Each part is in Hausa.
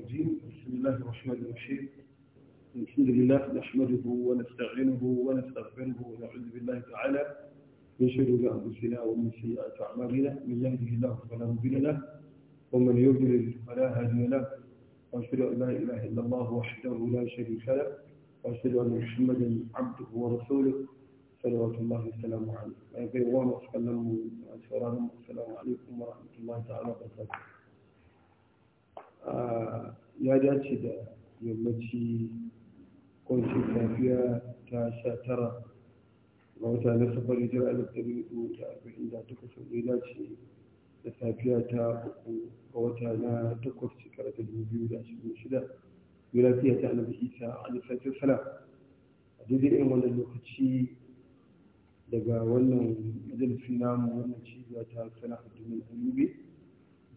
الرجيم بسم الله الرحمن الرحيم الحمد لله نحمده ونستعينه ونستغفره ونعوذ بالله تعالى من شرور أنفسنا ومن سيئات أعمالنا من يهده الله فلا مضل له ومن يضلل فلا هادي له وأشهد أن لا إله إلا الله وحده لا شريك له وأشهد أن محمدا عبده ورسوله صلوات الله وسلامه عليه. أيها الإخوة السلام عليكم ورحمة الله تعالى وبركاته. ya dace da yammaci kwanci safiya ta sha tara ga wata na safari jira alif da biyu da arba'in da takwas ya dace da safiya ta uku ga wata na takwas shekara ta dubu biyu da ashirin shida miladiya ta annabi isa alaihi salam a daidai irin wannan lokaci daga wannan majalisi namu wannan cibiya ta sana'ar dumin ayyubi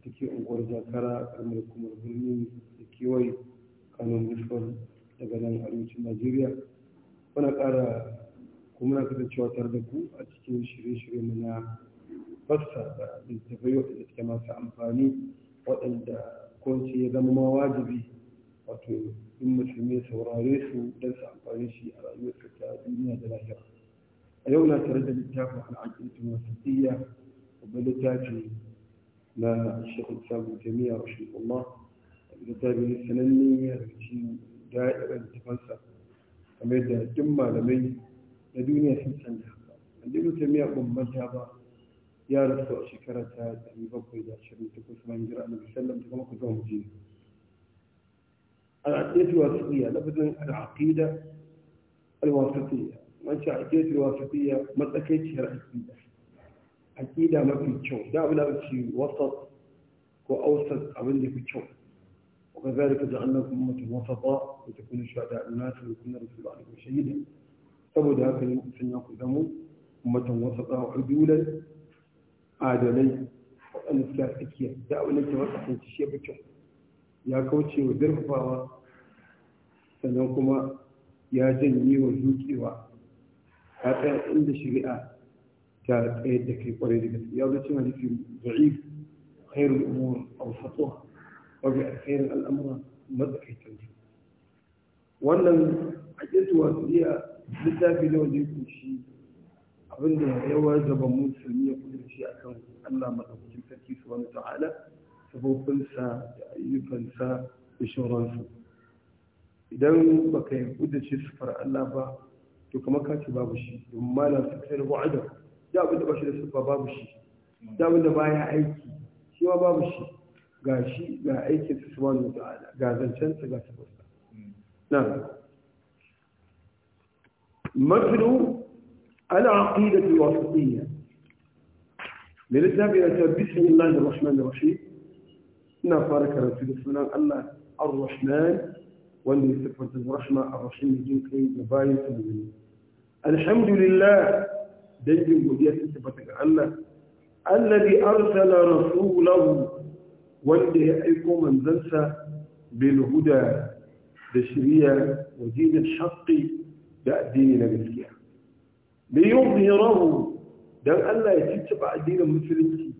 da ke unguwar zakara a hukumar birni da kewaye kano municipal daga nan arewacin najeriya muna kara kuma na kasancewa tare da ku a cikin shirye-shirye na fassa da littafai waɗanda suke masu amfani waɗanda kwanci ya zama ma wajibi wato in musulmi saurare su don su amfani shi a rayuwarsa ta duniya da lahira a yau na tare da littafin al'aƙintun wasatiyya da littafi ما الشيخ الإسلام ابن تيمية رحمه الله لتابع السنني رجيم دائرة التفلسة أميدا جمع لمي لدوني أحسن سنة لدينا تيمية قم مجابا يا رسول شكرا تاد أن يبقى إذا شرم تكون سمع نجرى أن يسلم تكون قدوه مجين العقيدة الواثقيه لابد من العقيدة الواثقيه ما شاء العقيدة الواثقيه ما تأكيد رايك فيها aƙida mafi kyau da abin da ake wasat ko ausat abin da fi kyau rika ba وكذلك جعلناكم أمة وسطا لتكونوا kuma الناس ويكون الرسول عليكم شهيدا saboda haka ne mutum ya mu mutum wasu tsawo adulan adalai waɗanda suka tsakiya da abin da wasu kan shi ba kyau ya kauce wa zurfafawa sannan kuma ya janye wa zuƙewa ya tsaya inda shari'a ta tsayar da kai kwarai da gaske ya zace mana fi da'if khairul umur aw fatwa wa bi khairul al'amura matsakaitan wannan hajjatu wasiya littafi ne wanda ya kunshi abinda yawa zaba musulmi ya kudu shi akan Allah madaukakin sarki subhanahu ta'ala sabofinsa da ayyukansa da shauransu idan baka yi kudu shi sufar Allah ba to kamar ka ce babu shi domin malam su kai wa'ada da abin da ba shi da siffa babu shi da abin da baya aiki shi ma babu shi ga shi ga aikin su subhanahu ta'ala ga zancen sa ga siffarsa na matlu al-aqidatu al-wasitiyya من الذهب إلى بسم الله الرحمن الرحيم إنا فارك رسول الله الله الرحمن والذي استفرت الرحمة الرحيم من جنك يباية الحمد لله dangin godiya su tabbata ga Allah allazi arsala rasulahu wanda ya aiko manzansa bil huda da shiriya wa dinil haqqi da addini na gaskiya li yuzhirahu dan Allah ya cicciba addinin musulunci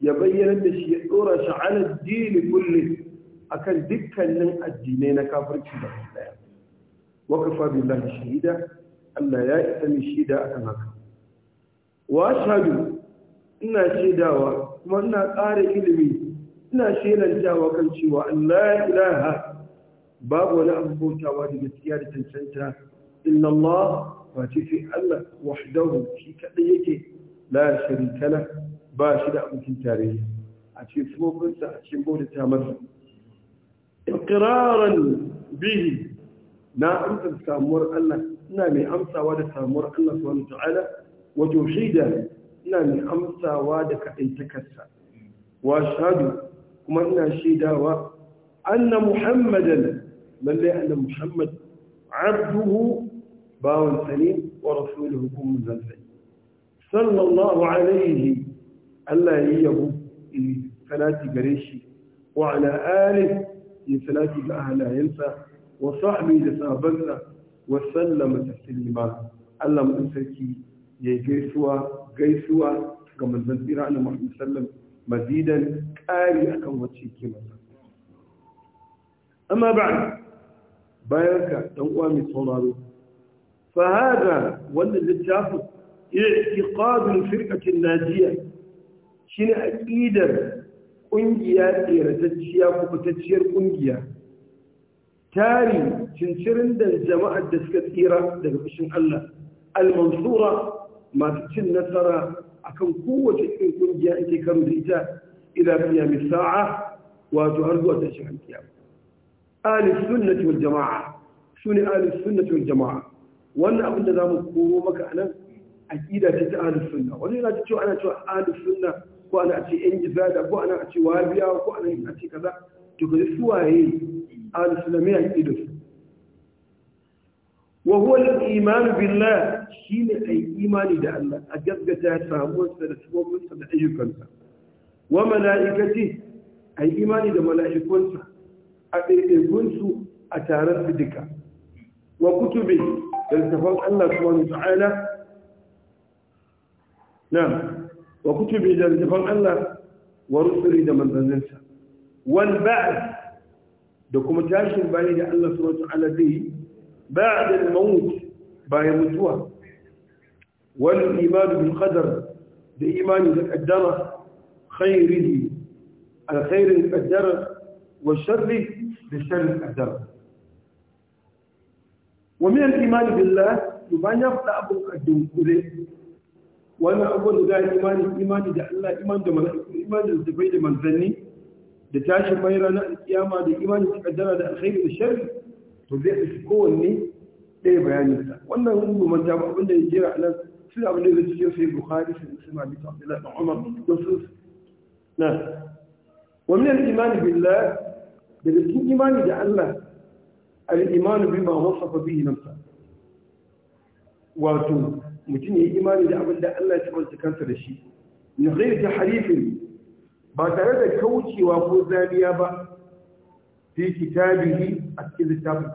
ya bayyana da shi ya dora shi ala addini kulli akan dukkanin addinai na kafirci da daya wa kafa billahi shahida Allah ya isa mi shida akan haka wa shahadu ina shaidawa kuma ina ƙara ilimi ina shaidantawa kan cewa Allah ilaha babu wani abu bautawa da gaskiya da cancanta illa Allah ce tafi Allah wahdahu shi kaɗai yake la sharika la ba shi da abokin tarayya a ce sumofinsa a cikin bautata masa iqraran bihi na amsa samuwar Allah ina mai amsawa da samuwar Allah subhanahu wa ta'ala وتوحيدا إن الخمسة وادك إن تكسى وأشهد كما إن الشيدا وأن محمدا من لي أن محمد عبده باو سليم ورسوله كم زلفي صلى الله عليه ألا في صلاة قريشي وعلى آله صلاة أهلا ينسى وصحبه لسابنا وسلم تسليما ألا مؤسكي ya yi gaisuwa gaisuwa ga manzon tsira annabi Muhammad sallam mazidan ƙari akan wacce ke masa amma ba bayan ka dan uwa mai sauraro fa hada wannan littafin i'tiqadul firqatin najiya shine aqidar kungiya tsiratacciya kubutacciyar kungiya tari cincirin da jama'ar da suka tsira daga fushin Allah al-mansura masu cin nasara akan kowace irin kungiya ake karo da ita ila mai sa'a wato har zuwa tashin alkiyama sun na cikin jamaa su sune sun na cikin jamaa wannan abin da za mu koro maka a nan, a ce ta sun sunna wani yana ta cewa ana cewa sun sunna ko ana ce yan gizada ko ana ce wabiya ko ana ce kaza to ka kaje suwaye ahli sunna mai aqida su wa huwa al-iman billah shine ai imani da Allah a gaggata samuwarsa da sabobinsa da ayyukansa wa mala'ikati ai imani da mala'ikunsa a ɗaiɗaikunsu a taron su duka wa kutubi da littafan Allah subhanahu wa ta'ala na'am wa kutubi da littafan Allah wa rusuli da kuma tashin da Allah yi بعد الموت باين متوى والإيمان بالقدر بإيمان الأدرة خيره الخير الأدرة والشر بالشر الأدرة ومن الإيمان بالله يبان يبقى أبو الدين كله وأنا أقول لك إيمان إيمان ده الله إيمان ده إيمان ده الزبيد من ذني ده تاشي ميرانا القيامة ده إيمان القدر الخير والشر to zai ɗauki kowanne ɗaya bayaninsa wannan in mu manta ba abinda ya jira nan sun abin da zai cikin sai bukhari sai musulma bi ta abdullahi ɗan umar da su na wa min al-iman billah daga cikin imani da Allah al-iman bima wasafa bihi nafsa wato mutum ya yi imani da abin da Allah ya tabbata kansa da shi min ghairi tahrifin ba tare da kaucewa ko zariya ba في كتابه أكيد كتاب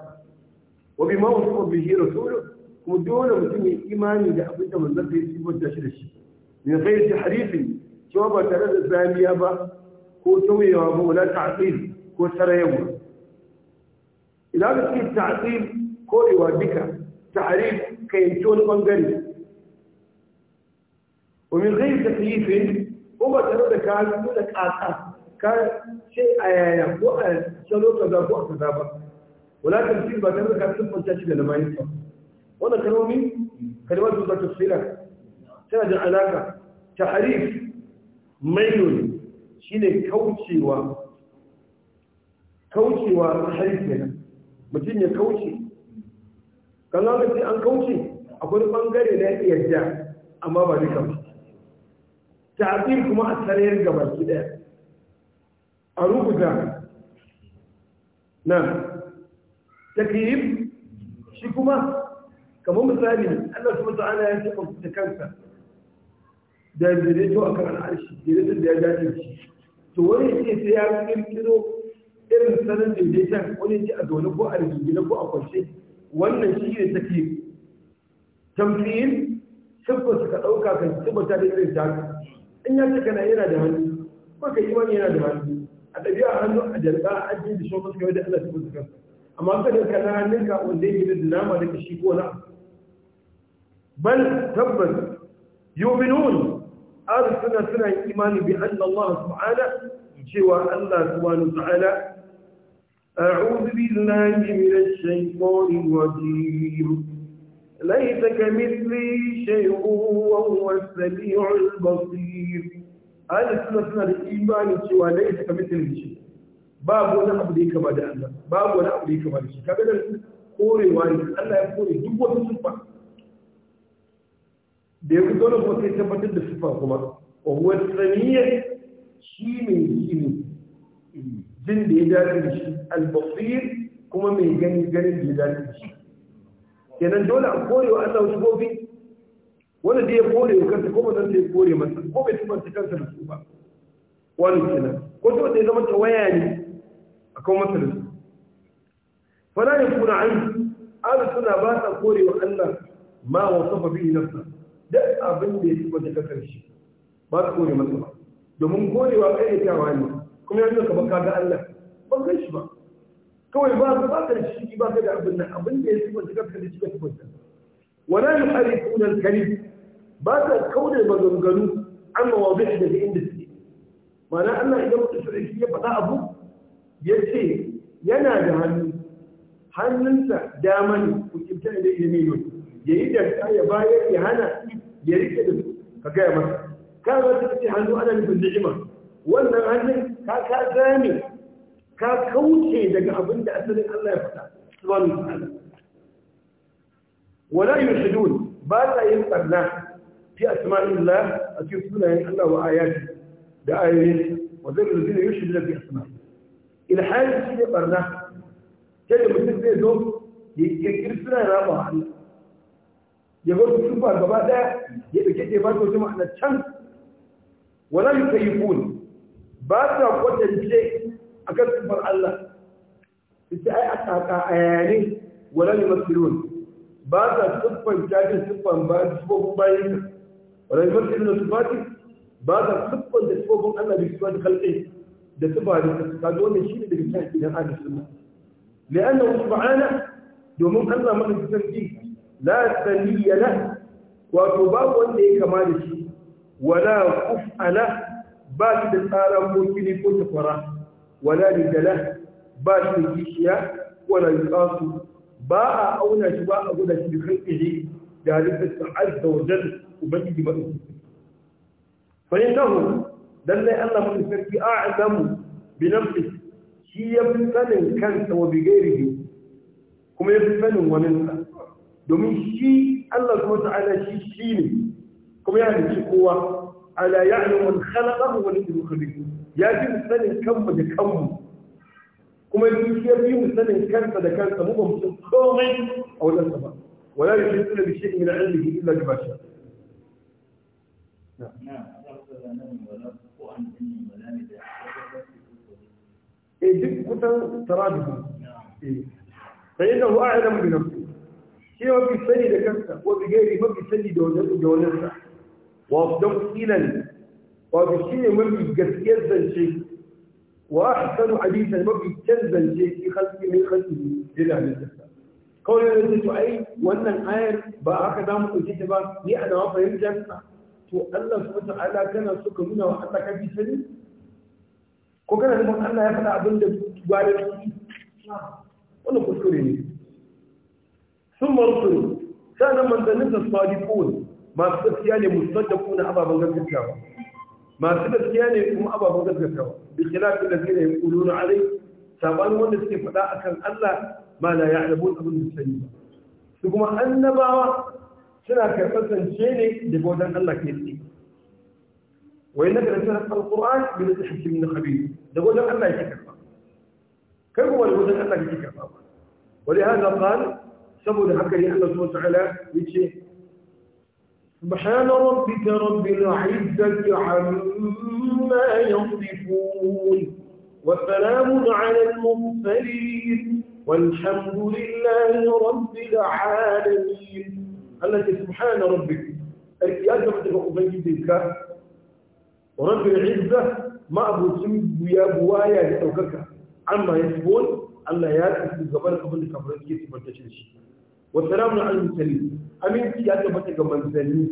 وبما وصف به رسوله مدون مسلم إيمان لأبدا من نفسه يسيب الدشر الشيء من غير تحريف شوابا ثلاثة ثانية با هو توي وابو لا تعطيل هو سر يوم إذا بسكي التعطيل كل وابكا تعريف كي يتون قنقل ومن غير تكليف هو ثلاثة كان يقول لك آتاك ka ce a yaya ko a salo za ko a kaza ba wala tafsir ba tare da ka siffanta shi da lamarin ba wannan kalmomi kalmatu ta tafsira tana da alaka mai mailun shine kaucewa kaucewa tahrif kenan mutum ya kauce kan lokaci an kauce akwai bangare na ya yarda amma ba duka ba ta'zir kuma a tsarayar gaba ki daya a rubuta na takyib shi kuma kamar misali Allah subhanahu ta'ala ya tabbata da kansa da daidaito akan al'arshi daidaito da ya dace shi to wani ce sai ya kirkiro irin sanin daidaiton wani ce a zaune ko a rigingine ko a kwance wannan shi ne take tamfiyin siffar suka ɗauka kan tabbata da irin ta in ya ce kana yana da hannu ko ka yi wani yana da hannu أما أنت كان لك أولين بإذن ما لك الشيكونا بل تبت يؤمنون أرسلنا سنة بأن الله سبحانه سوى الله سبحانه وتعالى أعوذ بالله من الشيطان الرجيم ليس كمثلي شيء وهو السميع البصير ahli suna suna da imanin cewa dai su kamar da shi babu wani abu da yake ba da Allah babu wani abu da yake ba da shi kaga da korewa ne Allah ya kore duk wata sufa da ya dole ko kuma sai tabbatar da sufa kuma wa huwa samiyya shi ne gini jin da ya dace da shi al-basir kuma mai gani gani da ya dace da shi kenan dole a korewa Allah wasu gobe wanda da ya kore wa kanta ko ba zan ya kore masa ko bai ta kansa da su ba wani kenan ko to da ya zama ta waya ne a kan masa da su fara ya kuna an ala suna ba sa kore wa Allah ma wasafa bi nafsa duk abin da ya ta kansa shi ba ta kore masa ba domin korewa kai ne kuma yanzu ka baka ga Allah ban kai shi ba kawai ba ka ba da shi ba ka da abin nan abin da ya tuba kansa da shi ka tubanta wala ولا يحرفون kalim ba ta kauda maganganu an mawabi daga inda suke mana Allah idan mutu mutum shi ya faɗa abu ya ce yana da hannu hannunsa dama ne ku kimta da ilimin ya yi da ya bayar ya hana ya rike da su ka gaya masa ka za ta ce hannu ana nufin ni'ima wannan hannun ka ka zame ka kauce daga abin da asalin Allah ya faɗa subhanahu wa ta'ala wala yushidun ba ta yin barna في أسماء الله أكيد سنة الله وآياته بآياته وذل الذين يشهد لك بأسماء إلى حال شيء قرناه كده مثل زي دول يكير سنة رابع عنه يقول تشوفوا البابا دا يبقى كده يبقى زي ما احنا ولا يكيفون بعد قوة الشيء أكد سبحان الله آياني ولا يمثلون بعد سبحان كاجل سبحان بعد سبحان بايك ولا يمكن أن تباتي بعد خطبة تسوقهم أنا بإثبات خلقه تباتي تستطيعون الشيء اللي بيساعد في هذا السنة لأنه سبحانه دوم أن من تسنجي لا تنية له وتباوى لي كمال الشيء ولا كفء له باش تسارى موكين يكون تفرى ولا لد له باش تجيشيا ولا يقاس باع أو نشباع أولا في خلقه ذلك عز وجل ubangiji ba fa innahu dan lai Allah mun sarki a'lamu bi nafsi shi ya fi sanin kansa wa bigairihi kuma ya fi sanin waninsa domin shi Allah kuma ta'ala shi shi ne kuma ya halicci kowa ala ya'lamu man khalaqahu wa lam yukhliqhu ya fi sanin kanmu da kanmu kuma shi ya fi sanin kansa da kansa mu ba mu komai a wajen sa ba wala yushriku bi shay'in min 'ilmihi illa bi ma sha'a e duk kusan tarajihu sai eh, yadda ruwa ya zama binan su shi mafi sani da kansa ko bigari mafi sani da wajensa wa don ilan wato shi ne mafi gaskiyar zance wa a sanu hadisa mafi can zance ki halki da ai wannan ayar ba haka za mu ɗauke ta ba ni a nawa to Allah su wata ala kana so ka nuna wa Allah ka bi sani ko kana nufin Allah ya faɗa abin da gwada su wannan kuskure ne sun marusuru sanan manzannin da sadiqun masu gaskiya ne musaddaquna ababan gaskiya ba masu gaskiya ne kuma ababen gaskatawa bi khilafin da zai yi kulun alai sabanin wanda suke faɗa akan Allah ma la ya'lamun abin da sani ba su kuma annabawa suna karɓar zance ne da wajen Allah ke tsaye wai na garin sanar alƙur'an bi da tsaye min khabir da wajen Allah ke karɓa kai kuma da wajen Allah ke karɓa ba wani hada qal saboda haka ne Allah subhanahu wa ta'ala yace سبحان ربك رب العزة عما يصفون وسلام على المرسلين والحمد لله رب العالمين Allah ke subhana rabbik sarki ya gaba daga ubangijinka rabbil izza ma buya buwaya da ɗaukaka, amma ya tsibon Allah ya tsibon gaba da abin da kafirai suke tabbatacin shi wa salamun al musalli aminci ya tabbata ga manzanni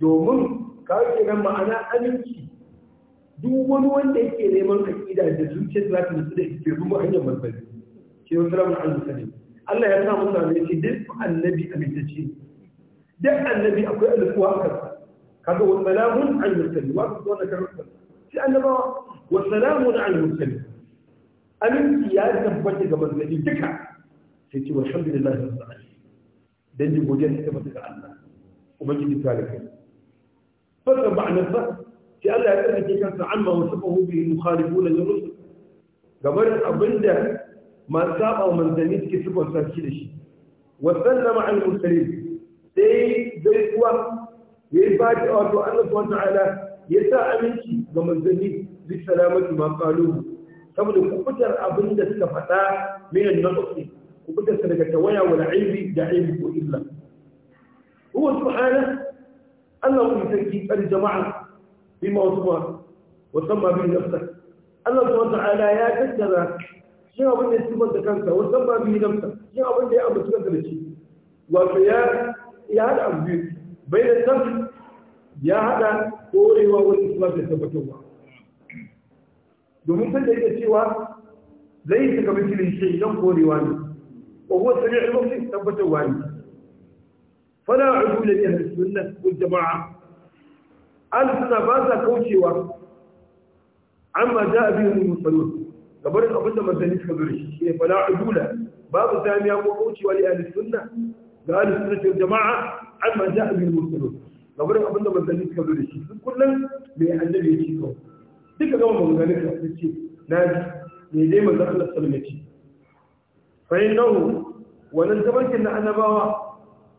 domin kawai kenan ma'ana aminci duk wani wanda yake neman aƙida da zuciyar za ta nutsu da ke rumu hanyar manzanni ke wasu ramun al Allah ya sa mutane ce duk annabi amintacce duk annabi akwai alkuwa a kansa kaga wa salamun an mursali wa ko wannan karanta shi annabawa wa salamun an mursali aminci ya tabbata ga manzanni duka sai ce walhamdulillahi rabbil alamin dan ji godiya ta tabbata ga Allah ubangiji ta da kai fasa ba nan ba sai Allah ya tsarkake kansa amma wasafahu bi mukhalifuna lirrusul gabar abinda masu saba wa suke sifar sarki da shi wasallama al mursalin sai zai kuwa ya yi fadi a wato Allah subhanahu ta'ala ya sa aminci ga manzanni bi salamatu ma qalu saboda kubutar abin da suka faɗa minan min naqsi kubutar sa daga tawaya wal aibi da aibi ko illa huwa subhanahu Allah kun sarki tsari jama'a bima wasfa wa samma bi nafsihi Allah subhanahu ta'ala ya tattara shi abin da ya sifanta kansa wa samma bi nafsihi shi abin da ya abu kansa da shi wato ya ya haɗa abu biyu bai da san ya haɗa korewa wani islam da tabbatarwa domin sanda da yake cewa zai yi saka mutum shi idan korewa ne ko kuma sami ilmafi tabbatarwa ne fala udula bi ahli sunnah wal jamaa al suna ba sa kaucewa amma jaa musamman gabar abin da manzanni suka zuri shi ne fala udula babu zamiya ko kaucewa li ahli sunnah da ahli sunnati wal jama'a amma ja'a bil mursalin game da abin da manzanni suka zo da shi duk kullum mai annabi ya ci kawai duka gama maganganun ka sun ce na ji mai dai manzan Allah sallallahu ci. wasallam fa'in nahu wannan tabarkin na annabawa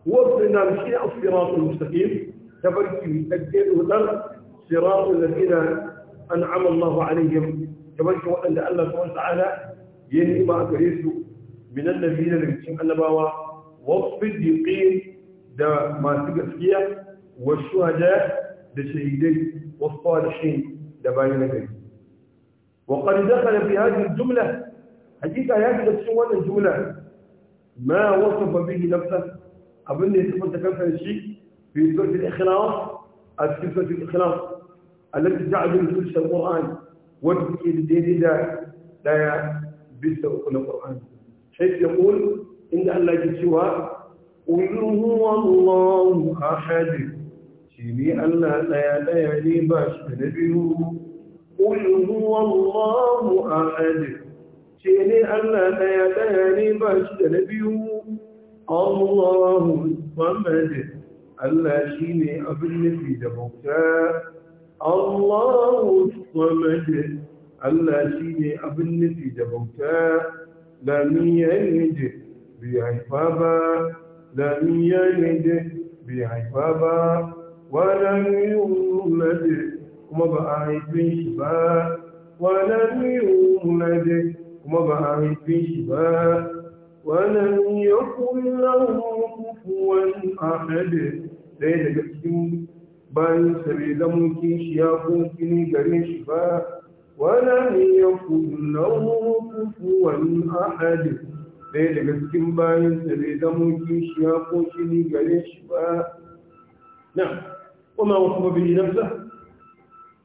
huwa na shi a siratul mustaqim tabarki tsakke dudar siratul ladina an'ama Allah alaihim tabarki waɗanda Allah subhanahu wa ta'ala ya nima a gare su min annabiyina da cikin annabawa والصديقين ده ما تقفية والشهداء ده شهيدين والصالحين ده باين جديد وقد دخل في هذه الجملة حديث آيات السؤال الجملة ما وصف به نفسه أظن يتفن تكفل الشيء في سورة الإخلاص في سورة الإخلاص التي تعدل كل القرآن والدين لا لا بالتوكل القرآن حيث يقول ان الله جوا هو الله احد جميع الله لا يدي باش نبيه هو الله احد جميع الله لا يدي باش نبيه الله الصمد الله جميع ابن في دبوكا الله الصمد الله جميع ابن في دبوكا لم يجد Bi haifa ba, بعفبا لم يلد بعفبا ولم يولد kuma ba a haifin shi ba wannan yunade kuma ba a haifin shi ba wannan ya kula kufuwan ahade ɗaya daga cikin bayan sarai lamunkin shi ya kunkini gare shi ba wannan ya kula kufuwan ahade ɗaya daga cikin bayan da bai zamo ya ko kini gare shi ba na kuma kuma bai nafsa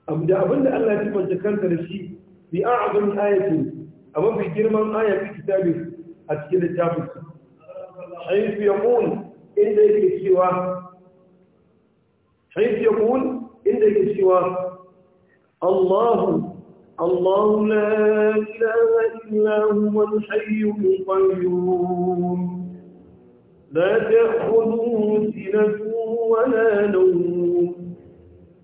abu da abinda Allah ya tafanta kanta da shi bi a'azami ayatin a mafi girman ayat kitabi a cikin littafin حيث يقول إن ذلك سوى حيث يقول إن ذلك الله لا إله إلا هو الحي القيوم لا تأخذه سنة ولا نوم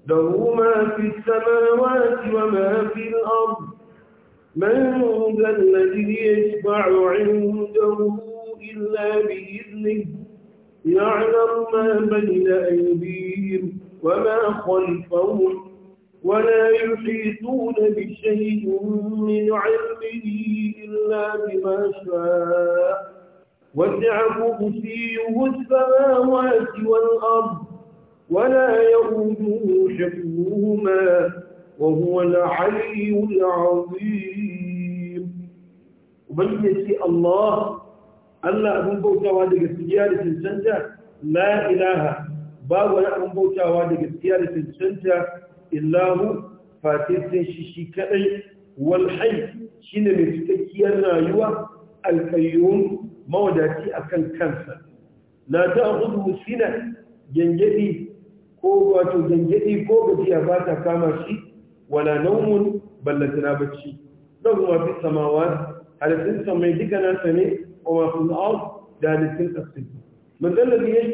له ما في السماوات وما في الأرض من ذا الذي يشفع عنده إلا بإذنه يعلم ما بين أيديهم وما خلفهم ولا يحيطون بشيء من علمه إلا بما شاء وسع كرسيه السماوات والأرض ولا يؤوده شكوهما وهو العلي العظيم ومن يسي الله ألا أبن بوتا وادق سيارة سنتا لا إله بابا ولا أبن بوتا وادق سيارة سنتا illahu fatisin shi shi kadai walhai shi ne mai cikakkiyar rayuwa alkayyun mawadaci akan kansa na ta hudu sina gyangyaɗi ko wato gyangyaɗi ko gajiya ba ta kama shi wala naumun ballatana bacci don kuma fi samawa halittun duka nasa ne a masu na'ar da halittun ƙasir manzan da ya shi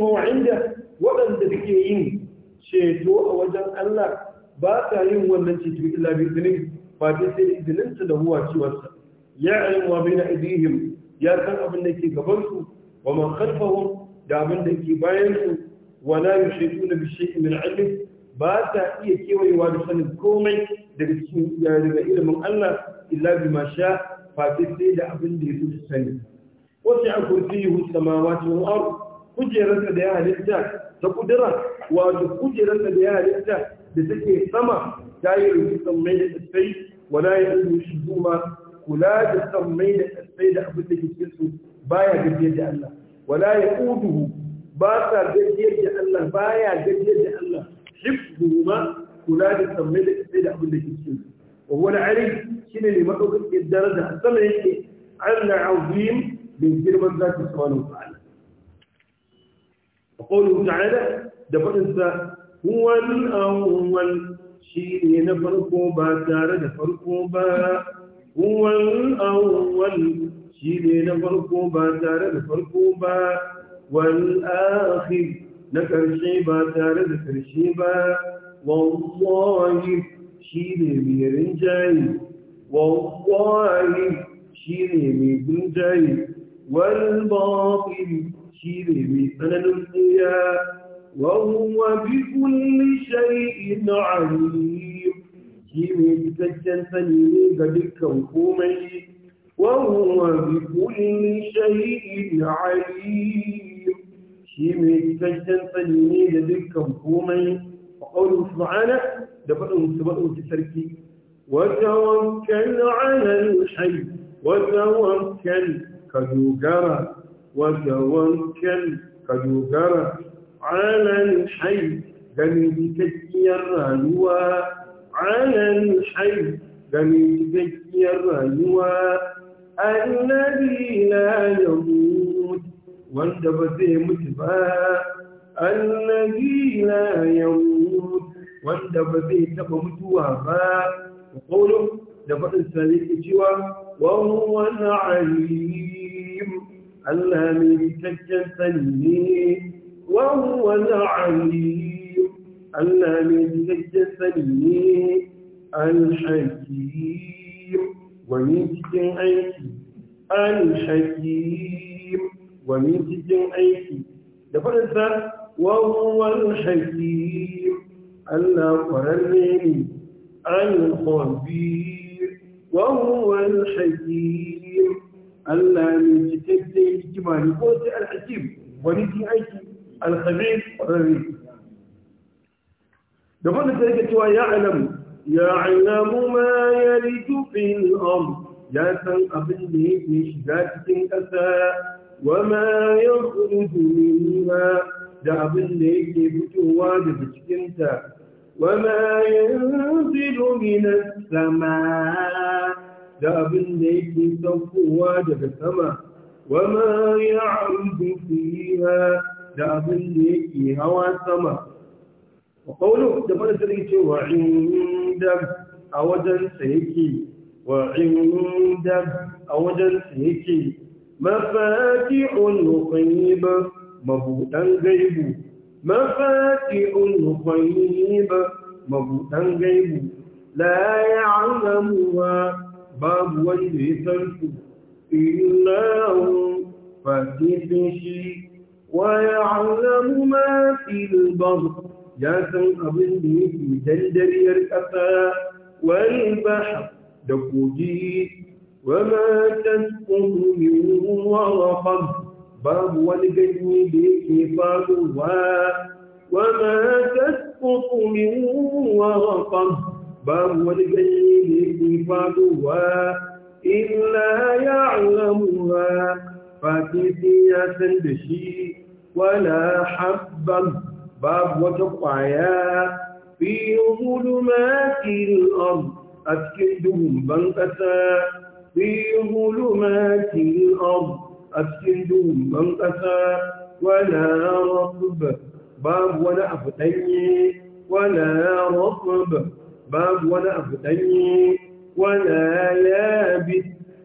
waɗanda suke yin ceto a wajen allah ba ta yin wannan cikin illa bi izinin ba dai sai izininsa da huwa ciwarsa ya alim wa bayna idihim ya san abin da ke gaban su wa man khalfahum da abin da ke bayan su wa la yushiduna bi shay'in min ilmi ba ta iya kewayewa da sanin komai daga cikin daga ilimin Allah illa bi ma sha fa sai da abin da yake su sani sai a kursiyu samawati wal ardh kujerarsa da ya halitta ta kudura wato kujerarsa da ya halitta da take sama ta yi rufi sammai da kasai wala ya yi shi zuma kula da sammai da kasai da abin da ke cikin su baya gajiyar da Allah wala ya udu ba sa gajiyar da Allah baya gajiyar da Allah hifzu ma kula da sammai da kasai da abin da ke cikin su wa wani ali shine ne madaukakin daraja sama yake Allah azim bin girman zaki subhanahu wa ta'ala وقوله da دفنسا huwal awwal shi ne na farko ba tare da farko ba huwal awwal shi ne na farko ba tare da farko ba wal akhir na karshe ba tare da karshe ba wallahi shi ne mai rinjaye wallahi shi ne mai rinjaye wal batil shi ne mai tsananin وهو بكل شيء عليم shi ne cikakken sani ne ga dukkan komai وهو بكل شيء عليم شيء تجدن فليني لذكم قومي وقوله سبحانه دفعهم سبقهم في سركي وتوكل على الحي وتوكل كدوغرة وتوكل كدوغرة على الحي game cikakkiyar rayuwa alal hay game cikakkiyar rayuwa annabi la yamut wanda ba zai mutu ba annabi la yamut wanda ba zai taba mutuwa ba qawlu da fadin sarki cewa wa huwa alim Allah mai cikakken sani ne وهو العليم الذي يجسني الحكيم ومن أيكي الحكيم ومن أيكي دفرنسا وهو الحكيم الله قرنني الخبير وهو الحكيم الله من تكتب جمالي قوة الحكيم ونتي أيكي الخبيث الرديء دفن ذلك يعلم يعلم ما يلج في الأرض ya san abin da yake shiga cikin ƙasa wa ma ya kurutu minha da abin da yake fitowa daga cikinta wa ma yanzilu minas sama da abin da yake saukowa daga sama wa ma ya'rudu fiha da abin da yake hawa sama wa qawlu da wa a wajen yake wa inda a mabudan gaibu mafatihul babu wanda ya san su illa shi ويعلم ما في البر يا سن أبن في جندر يرتفى والبحر دكوجي وما تسقط منه ورقب باب والجني بكفاد الواء وما تسقط منه ورقب باب والجني بكفاد الواء إلا يعلمها fatitiya san da shi wala habban babu wata ƙwaya fi hulumatil ard a cikin duhun ƙasa fi a cikin ƙasa wala babu wani abu wala babu wani abu wala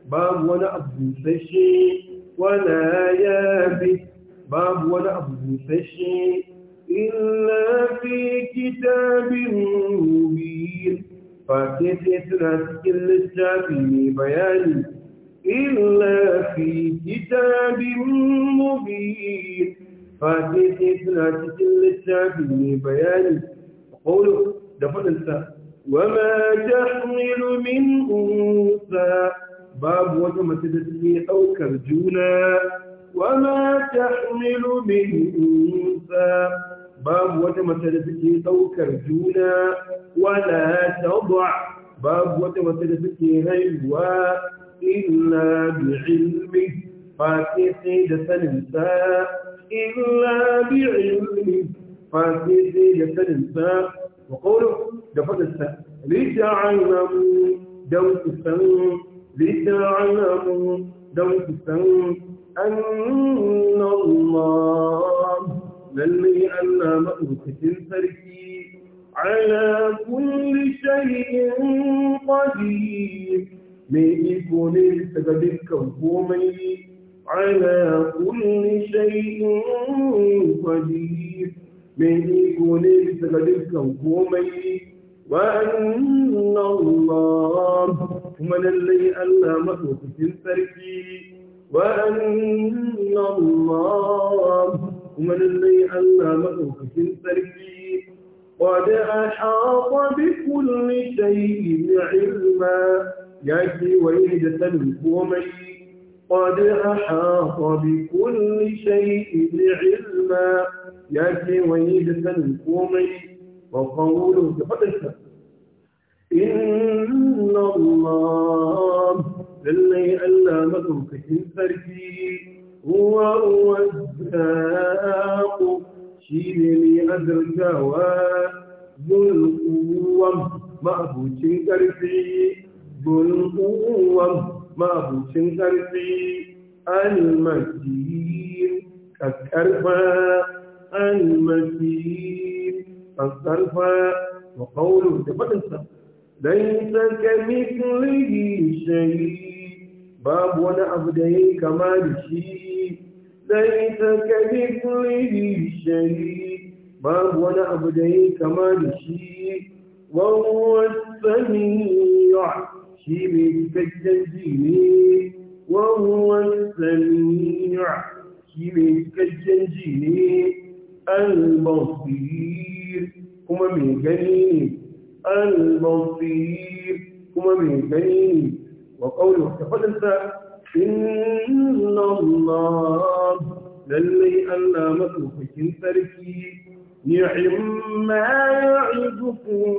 babu wani abu sashe wala ya babu wani abu busashe illa fi kitabin mubin fasi sai suna cikin littafi mai bayani illa fi kitabin mubin fasi sai suna cikin littafi mai bayani da faɗinsa wa ma ta min unsa babu wata mace da take ɗaukar juna wa ma tahmilu min unsa babu wata mace da take ɗaukar juna wala tad'a babu wata mace da take haihuwa illa bi ilmi fasiti da saninsa illa bi ilmi fasiti da saninsa wa qawluhu da fadarsa li ta'lamu dan kusan لتعلموا دون تسعون أن الله للي أن مؤكة سركي على كل شيء قدير من يكون سببك ومي على كل شيء قدير من يكون سببك ومي وأن الله هم للي ألا في سركي وأن الله هم للي ألا في سركي قد أحاط بكل شيء علما يأتي ويهد تنبو قد أحاط بكل شيء علما يأتي ويهد تنبو وقوله بحدث إن الله للي ألا في سركي هو هو الزاق شيني أدركوا ذو القوة ما شنكر كرفي ذو القوة ما شنكر كرفي المتين كالكرفة المسير فاستلفى وقوله تفتنسى ليس كمثله شيء باب ولا أبدأي كما لشيء ليس كمثله شيء باب ولا أبدأي كما لشيء وهو السميع شيء بالكجنجيني وهو السميع شيء بالكجنجيني البصير كما من جنين البصير كما من جنين وقوله تقدس إن الله للي ألا مكوكين تركي نعم ما يعزكم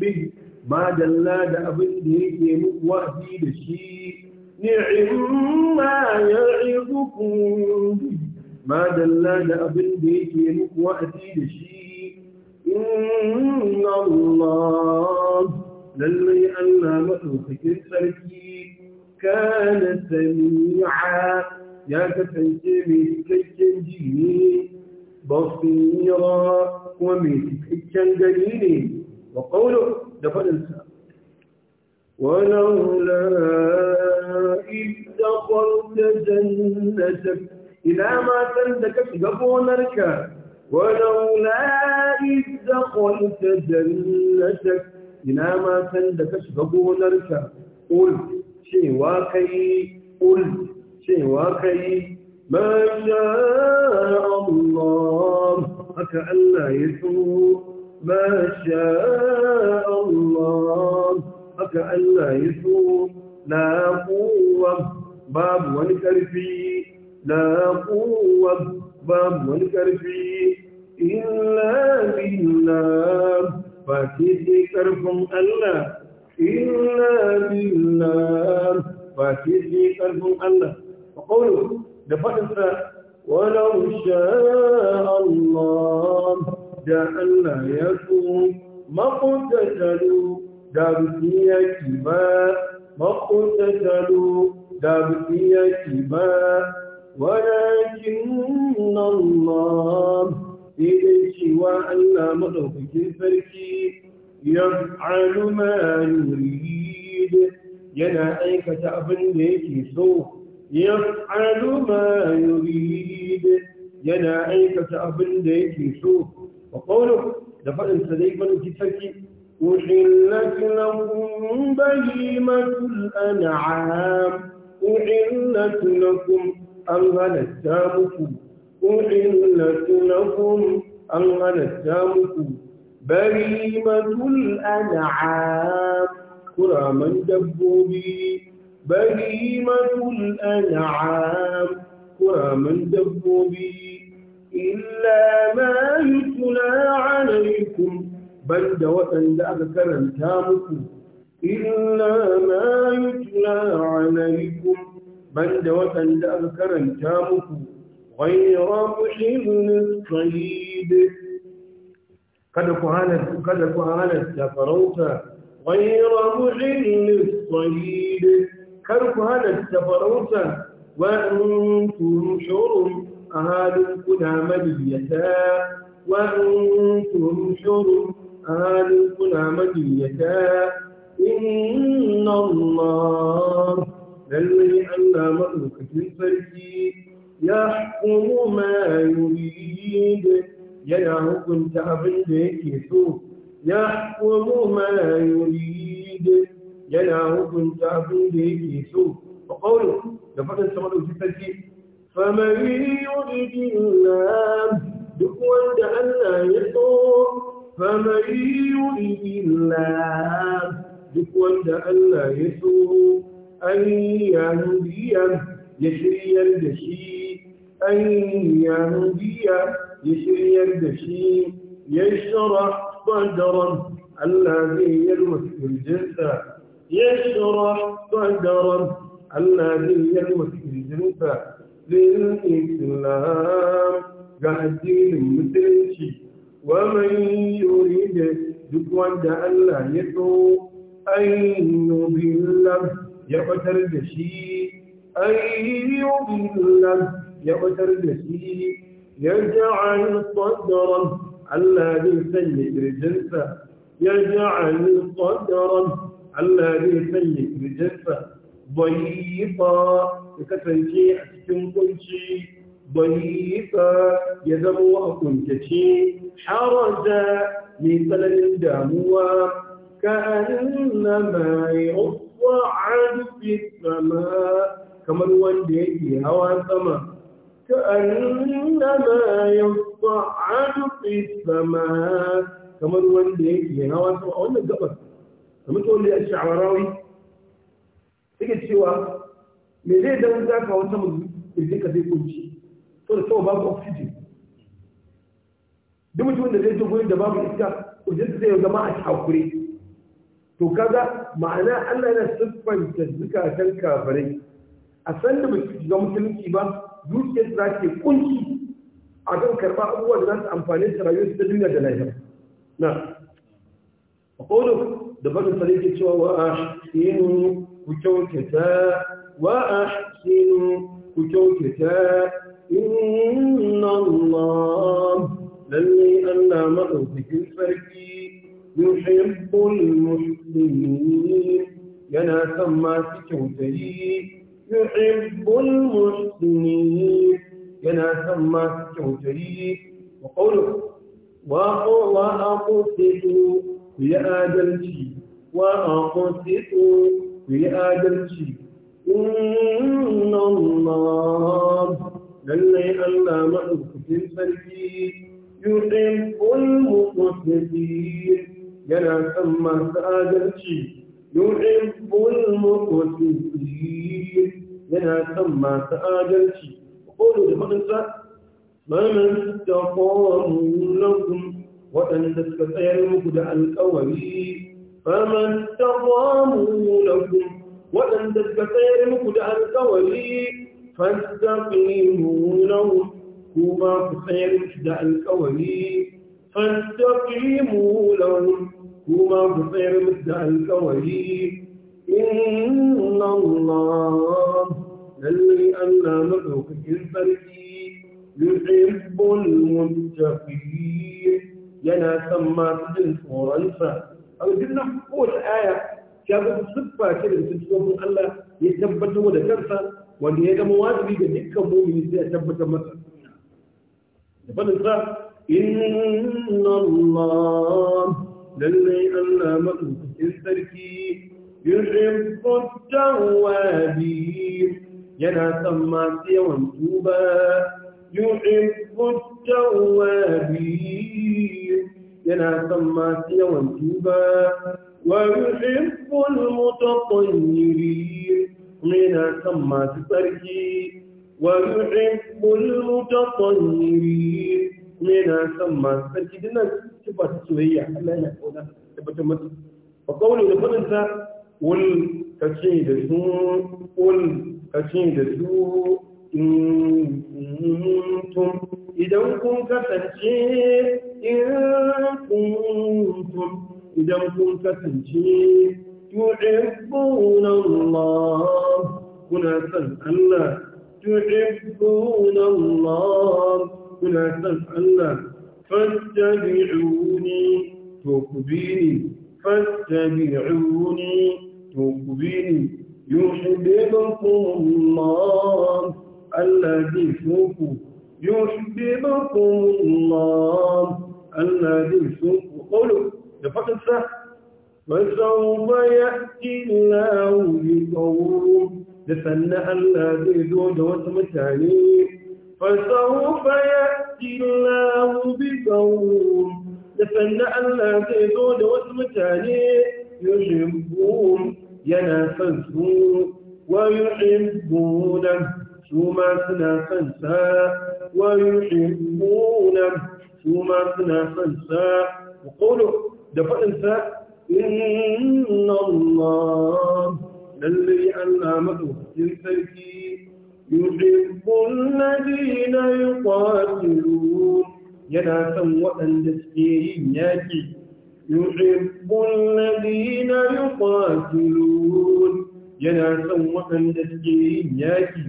به ما دلا دا أبن ديكي مقوأتي نعم ما يعزكم به ما دلال أبن بيتي وأتي بشيء إن الله للي أنا مأوخك الفركي كان سميعا يا كفنجمي كالجنجيني بصيرا وميتي كالجنجيني وقوله دفن السابق ولولا إذ دخلت جنتك إلى ما تندك تقبونك ولولا إذ دخلت جنتك إلى ما تندك تقبونك قل شيواكي قل شيواكي ما جاء الله كألا يسوق ما شاء الله كألا يسوق لا قوة باب ونكر فيه Na kowa ba mun ƙarfi illa billah ba ke ƙarfin Allah illa billah ba ke ƙarfin Allah ba ƙoro da faɗinsa walau sha Allah da Allah ya so makuntattalo da duniya ki ba makuntattalo da duniya ki ba ولكن الله إليك وألا مدرك الفرك يفعل ما يريد ينا أيك تأبن ليك سوء يفعل ما يريد ينا أيك تأبن ليك سوء وقوله دفعن سديك من الفرك أحلت لكم بهيمة الأنعام أحلت لكم an halatta muku kun illatu lakum an hana halatta muku barimatul an'am kuraman dabbobi Bari barimatul an'am kuraman dabbobi illa ma yutla alaykum banda waɗanda aka karanta muku illa ma tuna yutla alaykum banda waɗanda aka karanta muku ghaira muhimmin sayyid kada ku halatta kada ku halatta farauta ghaira muhimmin sayyid kar ku halatta farauta wa antum shurum ahalin kuna madiyata wa antum shurum ahalin kuna madiyata inna Allah lallai Allah maɗaukakin sarki ya hukumu ma yurid yana hukunta abin da yake so ya hukumu ma yurid yana hukunta abin da yake so a ƙaunin da faɗin sama ɗauki sarki famari yurid duk wanda Allah ya so duk wanda Allah ya so an yanubiya ya shiryar da shi an yanubiya ya shiryar da shi ya shara ɓandaran Allah zai yarwa firjinsa ya shara ɓandaran Allah zai yarwa firjinsa zai islam ga addinin mutunci wa mai yuri da duk wanda Allah ya so an yi nubi ya batar da shi ayyubin ya batar da shi ya ja'al sadran Allah zai sanya kirjinsa ya ja'al sadran Allah zai sanya kirjinsa bayyita ya kasance a cikin kunci bayyita ya zama a kuntace haraja mai tsananin damuwa ka annama ya يصعد في السماء كما وندي هوا سما كأنما يصعد في السماء كما وندي هوا سما أولا قبل كما تقول لي الشعراوي تيجي cewa me zai dan zaka wata mu ka zai kunci to da kawai babu oxygen duk mutumin da zai dogo da babu iska kujin zai zama a hakuri to kaga ma'ana Allah yana siffanta zukatan kafirai a san da shiga musulunci ba zuciyar za ke kunci a kan karɓa abubuwa da za su amfani da rayuwar ta duniya da lahira na a kodo da bakin sare ke cewa wa a sinu ku kyautata wa a sinu ku kyautata inna Allah lalle Allah maɗaukakin sarki يحب المحسنين yana son masu kyautayi yana son masu kyautayi wa qawlu wa wa aqutu ku yi adalci wa aqutu ku yi adalci inna Allah lallai Allah sarki yuhibbul muslimin yana san masu adalci yuhibbul muqsitin yana san masu adalci kodo da faɗinsa manan da ƙoramu lakum waɗanda suka tsayar muku da alƙawari faman da ƙoramu lakum waɗanda suka tsayar muku da alƙawari fastaqimu lahum ba ku tsayar muku da alƙawari fastaqimu lahum كما بخير مدى الكوهين إن الله للي أنا مدوك الفريق يحب المتقين ينا سما تجن صورا الفا أو جلنا قول آية كابت صفة كده تجنب الله يتبت ولا كرسا وأن هذا مواجبي بذكة مؤمنة يتبت مثلا يبقى نصر إن الله للي أنا مقلق السركي يرم فتا وابير ينا سمع سيوان توبا يرم فتا وابير ينا سمع سيوان توبا ويحب المتطيرين منا سمع سركي ويحب المتطيرين منا سمع سركي sifa ta soyayya Allah yana kauna tabbatar masa fa qawlu da fadin sa wal kace da su wal kace da su in kuntum idan kun kasance in kuntum idan kun kasance tuhibbuna Allah kuna san Allah tuhibbuna Allah kuna san Allah فاتبعوني تقبيني فاتبعوني تقبيني يحببكم الله الذي فوق يحببكم الله الذي فوق قلوا لفقد سهل فسوف يأتي الله بقوم لسنة الذي دون وسمتانيه فسوف يأتي الله بقوم لفنع الله زيدون واسمتاني يحبون ينفسون ويحبونه ثم سنفنسا ويحبونه ثم سنفنسا وقولوا دفع انسا إن الله للي ألامته تلك الكيب يحب الذين يقاتلون yana son waɗanda suke yin yaƙi yuhibbul ladina yuqatilun yana son waɗanda suke yin yaƙi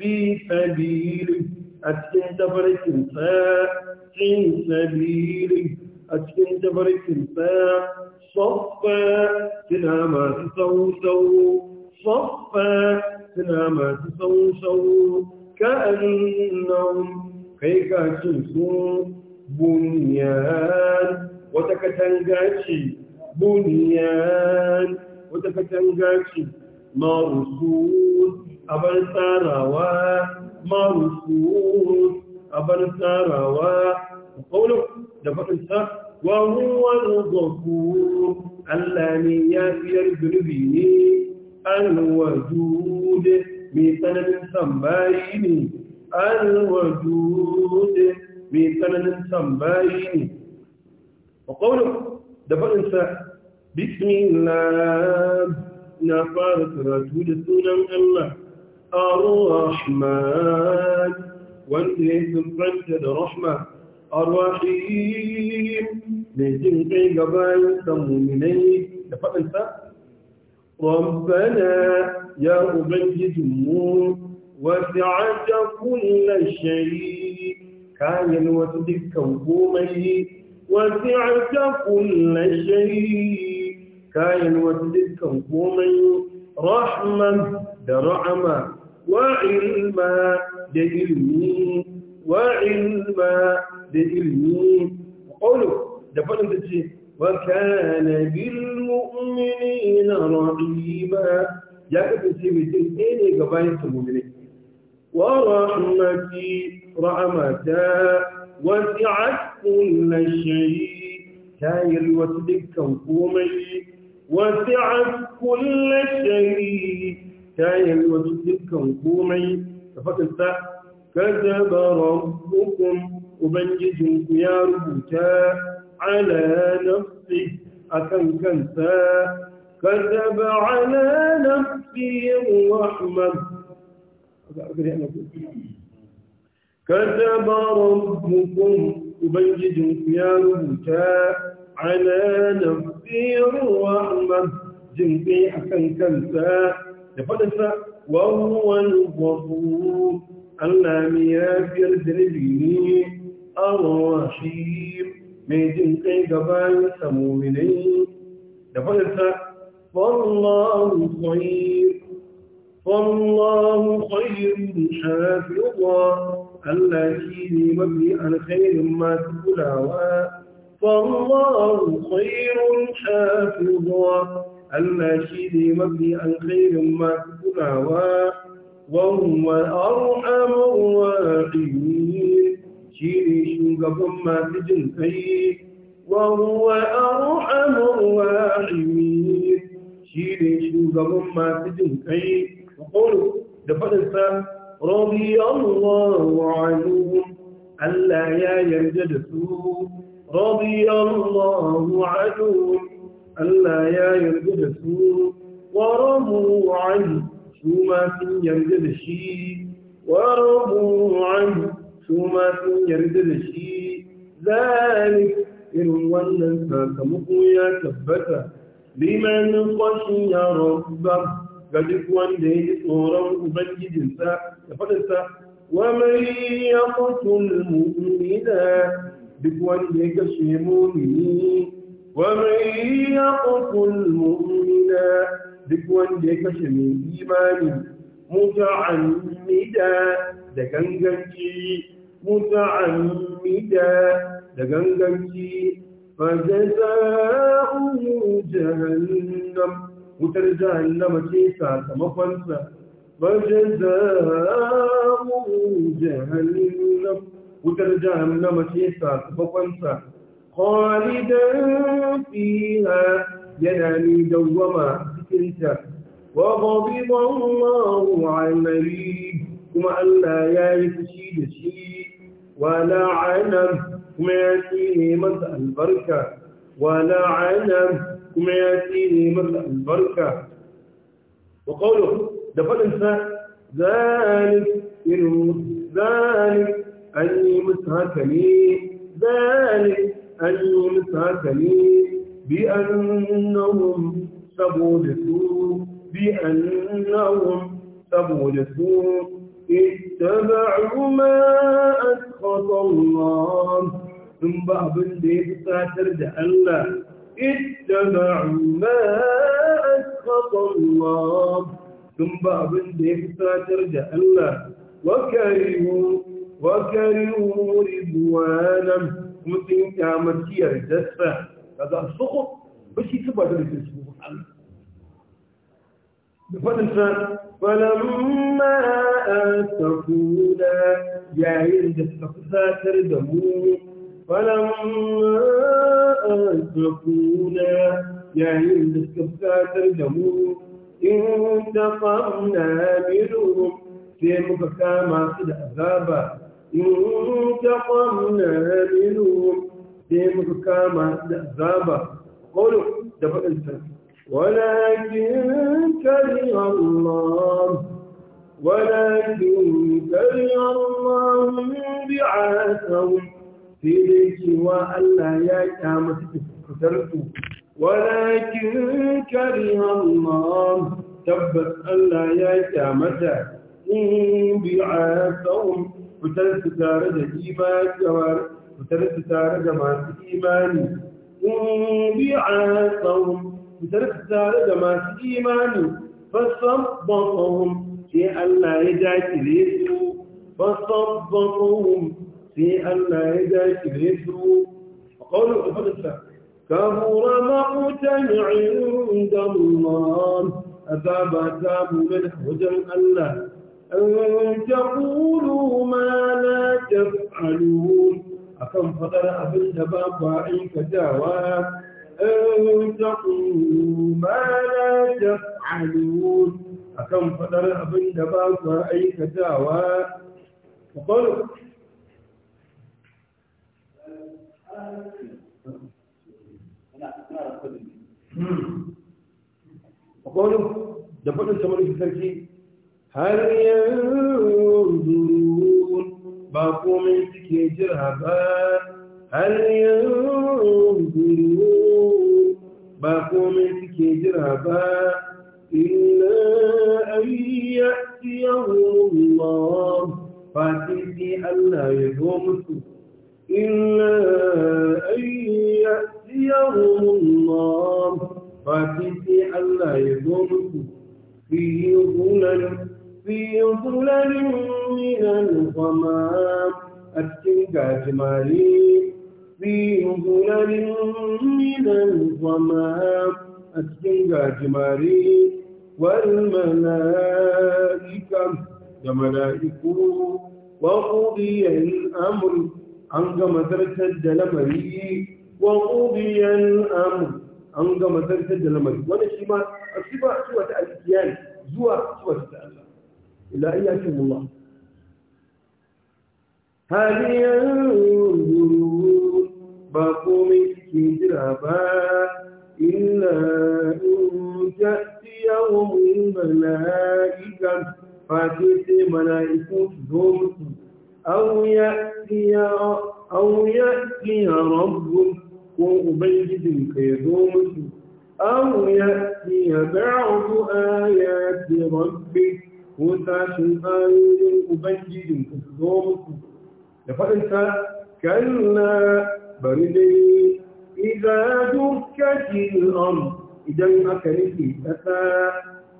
fi sabili a cikin tabarkin sa cikin sabili a cikin tabarkin sa soffa suna masu sau-sau صفا suna masu tsawo-tsawo ka'annahum kai kacin su buniyan wata katanga ce buniyan wata katanga marusu abar marusu abar tsarawa a da wa Allah ne ne الوجود بسند سمبارين الوجود بسند سمبارين وقوله دبر انسى بسم الله نفرت رسول سنة الله الرحمن والذي سبحانه الرحمن الرحيم لجنك قبائل مني دبر انسى ربنا يا أبيد وسعت كل شيء كان وتدك وقومي وسعت كل شيء كان وتدك وقومي رحمة درعمة وعلما دعلمي وعلما دعلمي وقوله دفعنا تجيه وكان بالمؤمنين رقيبا جاءت سبت الديني قبائل المؤمنين ورحمتي رعمتا وسعت كل شيء كاير وسدك وقومي وسعت كل شيء كاير وسدك وقومي فقلت كذب ربكم وبنجزكم يا ربكا على نفسه أكن كنسا كتب على نفسه الرحمة كتب ربكم أبيد يا موسى على نفسه الرحمة جنبي أكن كنسا لفلسة وهو الغفور الذي يغفر ذنبه الرحيم mai jin kai gaban bayan samominai da fadarsa wallahu khair wallahu khairun hafiza Allah shi ne mafi alkhairin masu kulawa wallahu khairun hafiza Allah shi ne mafi alkhairin masu kulawa وهو أرحم الراحمين جيش تجن أي وهو أرحم الراحمين جيش قبما تجن أي وقول دفن السلام رضي الله عنهم ألا يا يرجد رضي الله عنهم ألا يا يرجد ورموا عنه شو ما في يرجد شيء ورموا عنه su ma sun yarda da shi zalik irin wannan sakamako ya tabbata liman kwashi ya rabba ga duk wanda ya ji tsoron ubangijinsa da faɗinsa wa mai ya kwatul mu'mina duk wanda ya kashe mumini wa mai ya kwatul mu'mina duk wanda ya kashe mai imani nida da ganganci متعمدا لغنغنكي فجزاؤه جهنم وتر جهنم كيسا سمفنسا فجزاؤه جهنم وتر جهنم كيسا سمفنسا خالدا فيها ينامي دوما سكنتا وغضب الله عليه كما ألا يعرف شيء شيء ولا ولعنم كما يأتيه مرض البركة ولا ولعنم كما يأتيه مرض البركة وقوله دفل انسى ذلك ذلك أن يمسهكني ذلك أن يمسهكني بأنهم سبوا لسوء بأنهم سبوا لسوء اتبعوا ما أسخط الله ثم بعض الدين ترجع الله اتبعوا ما أسخط الله ثم بعض الدين ترجع الله وكرهوا وكرهوا رضوانا متين كامل كي هذا السخط بس يتبادل في السخط faɗinsa falamma an sakuna yayin da suka fusatar da mu yayin da da mu in ta famna minu sai muka kama su da azaba in ta famna minu sai muka kama azaba kawai da faɗinsa ولكن كره الله ولكن كره الله من بعاثهم سيديكي وألا يكام تكترتوا ولكن كره الله تبت ألا يكام إن بعاثهم فتلت تارد إيمان قتلت تارد ما في إيماني إن بعاثهم fitar tare da masu imani fasan bakon sai Allah ya dakire su fasan bakon sai Allah ya dakire su a ƙaunar ƙafarsa كبر مقتا عند الله أبابا تابولا هدى الله أن تقولوا ما لا تفعلون أكم فقر أبن تبابا عيك دعواك akan fadar abin da ba ku aikatawa ku kwaro kwaro da fadin samun sarki har yanzu ba komai suke jira ba hal yanzurun ba komai suke jira ba illa an ya'tiyahu Allah fatiti Allah ya zo musu illa an ya'tiyahu fatiti Allah ya zo musu fi zulal في na nufama الغمام أتكن جمالي fihin zuwanin minan zama a cikin gajimare walmala'ikan da mala'iku wa'ubiyan amur an gama amur an gama zartar da lamari wadda shi ba su wata zuwa ba komai suke jira ba illa in ta'ti yawmul malaika fa sai malaiku su zo musu aw ya'ti ya aw ya'ti ko ubangijin ka ya zo musu aw siya ya ba'du ayati rabbik ko tashin ayoyin ubangijin ka su zo mutu. da faɗinsa na. برزي إذا دكت الأرض إذا كانت أفا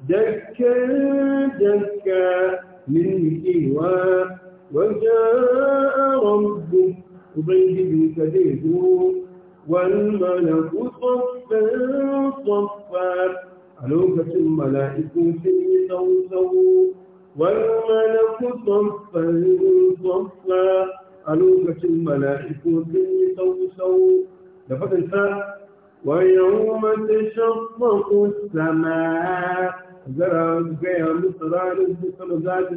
دكا دكا من سوى وجاء ربه وبيد كديه والملك صفا صفا ألوكة الملائكة في صوته والملك صفا صفا a lokacin mala'iku sun yi sau ويوم تشقق السماء زرع غير مصرار مثل ذات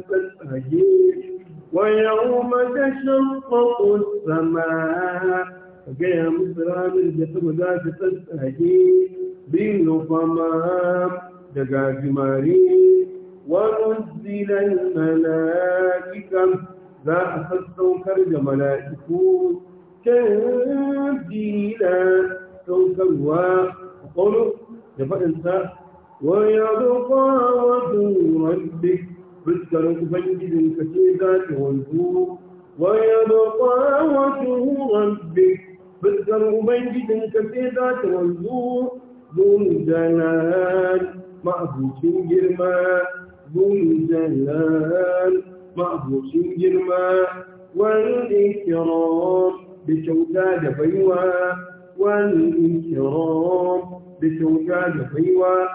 ويوم تشقق السماء غير مصرار مثل ذات الأجيب بالنظمام دجاج ماري ونزل الملائكة za a sassaukar da mala’iku canjina ɗaukarwa a ƙwano da faɗinsa waya zuwa wato rabbi fuskar ubangijin ka ce za ta wanzu waya zuwa wato rabbi fuskar ubangijin ka ce za ta wanzu zuwa jana'ad girma zuwa مأبوس الجرمى والإكرام بشوكة جفيوة والإكرام بشوكة جفيوة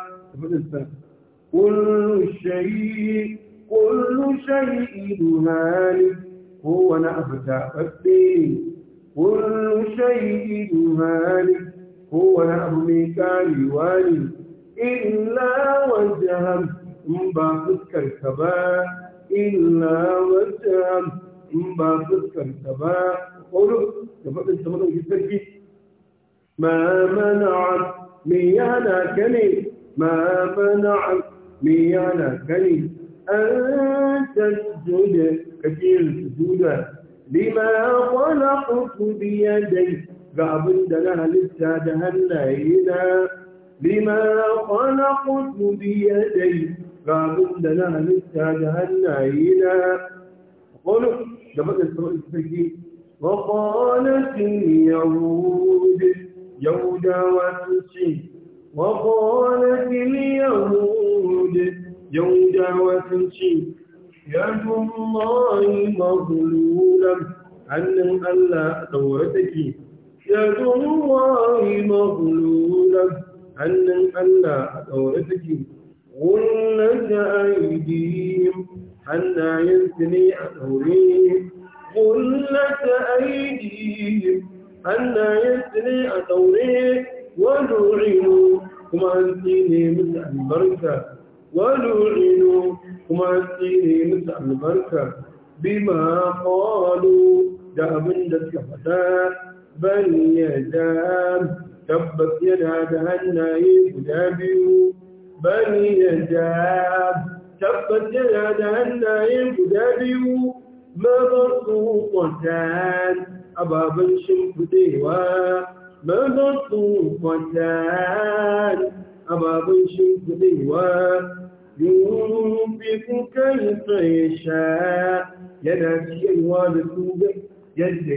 كل شيء كل شيء هالك هو نأفتا فالدين كل شيء هالك هو نأفتا فالدين إلا وجهه مباقس كالكبار إلا وجهه إن با فسكن تبا قوله تفضل تفضل جسدك ما منعت ميانا كلي ما منعت ميانا كلي أن تسجد كثير سجودا لما خلقت بيدي قابل دلها لسا الليلة لما خلقت بيدي da na halitta da hannayena wani da matsayin sauran sarki wa kwanatin yahudi yahudawa sun ce wa kwanatin yahudi yahudawa sun ce yadun mai mahulunan hannun allah daura take yadun mai mahulunan hannun allah a daura take غلة أيديهم حتى يثني أثوريهم غلة أيديهم حتى يثني أثوريهم ولعنوا كما أنتيني مثل البركة ولعنوا كما أنتيني مثل البركة بما قالوا دابن دسكفتا بل يدام تبت يدا دهنا يبدا بيو bani najab tabbatar da hannayen guda biyu mabarsu kwatan ababen shimfidewa mabarsu kwatan ababen shimfidewa ينفق كيف يشاء يناتي الوالد يده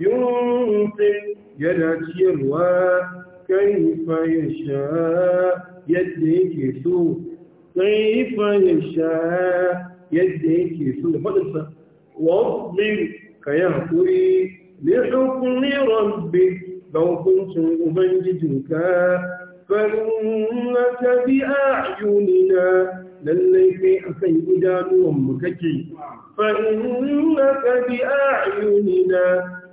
ينفق يناتي الوالد كيف يشاء yadda yake so kaifan sha yadda yake so da faɗinsa wasbir ka yi haƙuri li hukmi rabbi da hukuncin ubangijinka فإنك بأعيننا لليك a إدانهم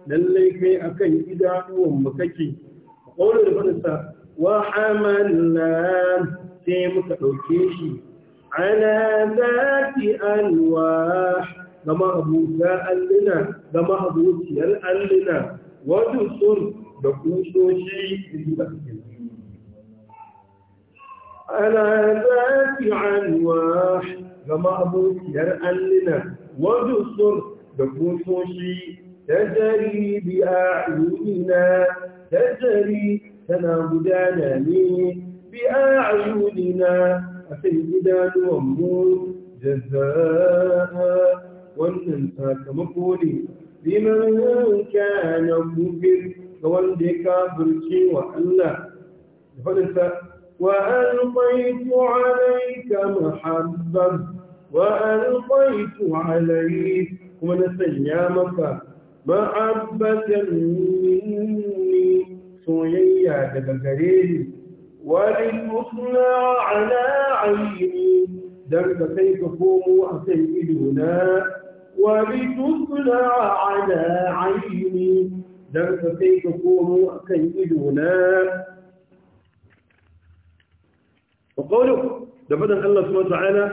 lallai kai a kan أكي kake. مككي قول الفنسة وحملناه في أوكيشي على ذات ألواح لما أبوتا ألنا لما أبوتي وجسر ودسر بقوشوشي على ذات ألواح لما أبوتي وجسر ودسر شيء تجري بأعيننا تجري tana gudana ne bi a'yunina a kan da jaza'a wannan sakamako ne liman na mubin ga wanda ya kafirce wa Allah da faɗinsa wa alqaitu alayka mahabban wa alqaitu alayka kuma na sanya maka mahabbatan minni سويا دبغريه وللمطلع على عيني دمت كيف فوم وسيدنا وللمطلع على عيني دمت كيف فوم وسيدنا وقوله دفتن الله سبحانه وتعالى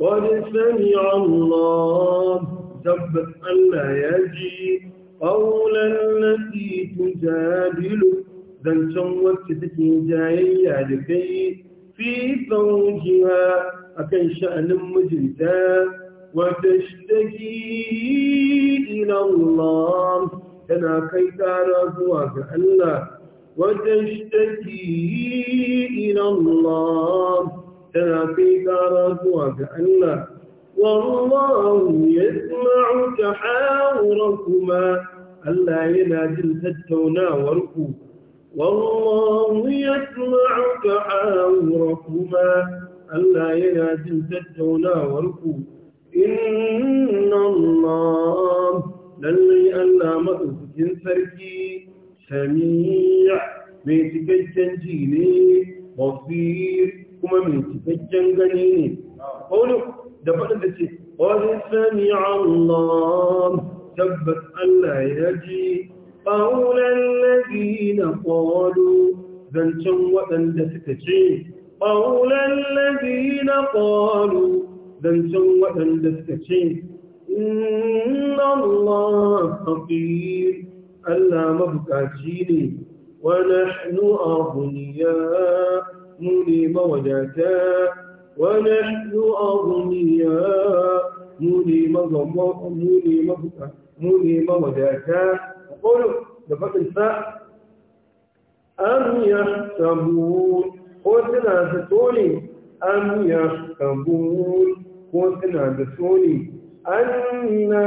قد سمع الله سبت ألا لا يجي قول التي تجادلك zancen wacce take jayayya da kai fi zaujiha akan sha'anin mijinta wa tashtaki ila Allah tana kai kara zuwa ga Allah wa tashtaki ila Allah tana kai kara zuwa ga Allah والله يسمع تحاوركما ألا ينادل تتونا وركوكما والله يسمعك تحاوركما ألا ينازل تتونا والكو إن الله للي ألا مأذكين سركي سميع ميتك الجنجيني بصير كما ميتك الجنجيني قولوا دفعنا ذلك قولوا سمع الله تبت ألا يجي ƙaunar lazi na ƙwado zancen waɗanda suka ce ƙaunar lazi na ƙwado zancen waɗanda suka ce Allah mabukaci ne wani hannu a huniya ne mawadata قوله da faɗin sa an ya sabu ko suna da tsoni an ya sabu ko suna da tsoni an na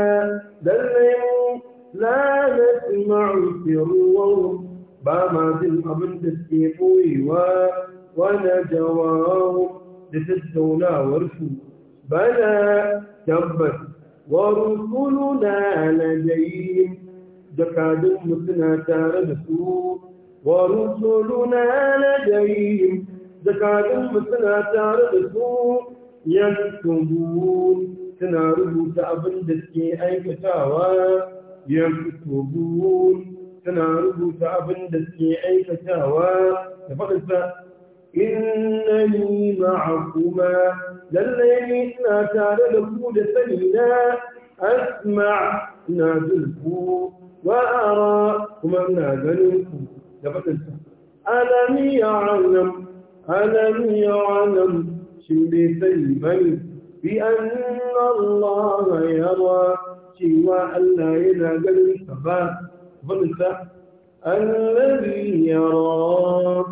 dallayin lalatin ma'aiki ruwan ba ma jin abin da ke koyewa wani jawawa da tattaunawarsu bana tabbas wa rukunu na lajayin jakadunmu suna tare da su wa rusuluna ladayhim jakadunmu suna tare da su yaktubun suna rubuta abin da suke aikatawa yaktubun suna rubuta abin da suke aikatawa da faɗinsa إنني معكما da لا تارد فود سنينا أسمع نازلكو wa ara kuma ina ganin ku da faɗin sa alam ya'lam alam ya'lam shin bai sani bane bi anna Allah yawa, cewa Allah yana ganin sa ba faɗin sa allazi yara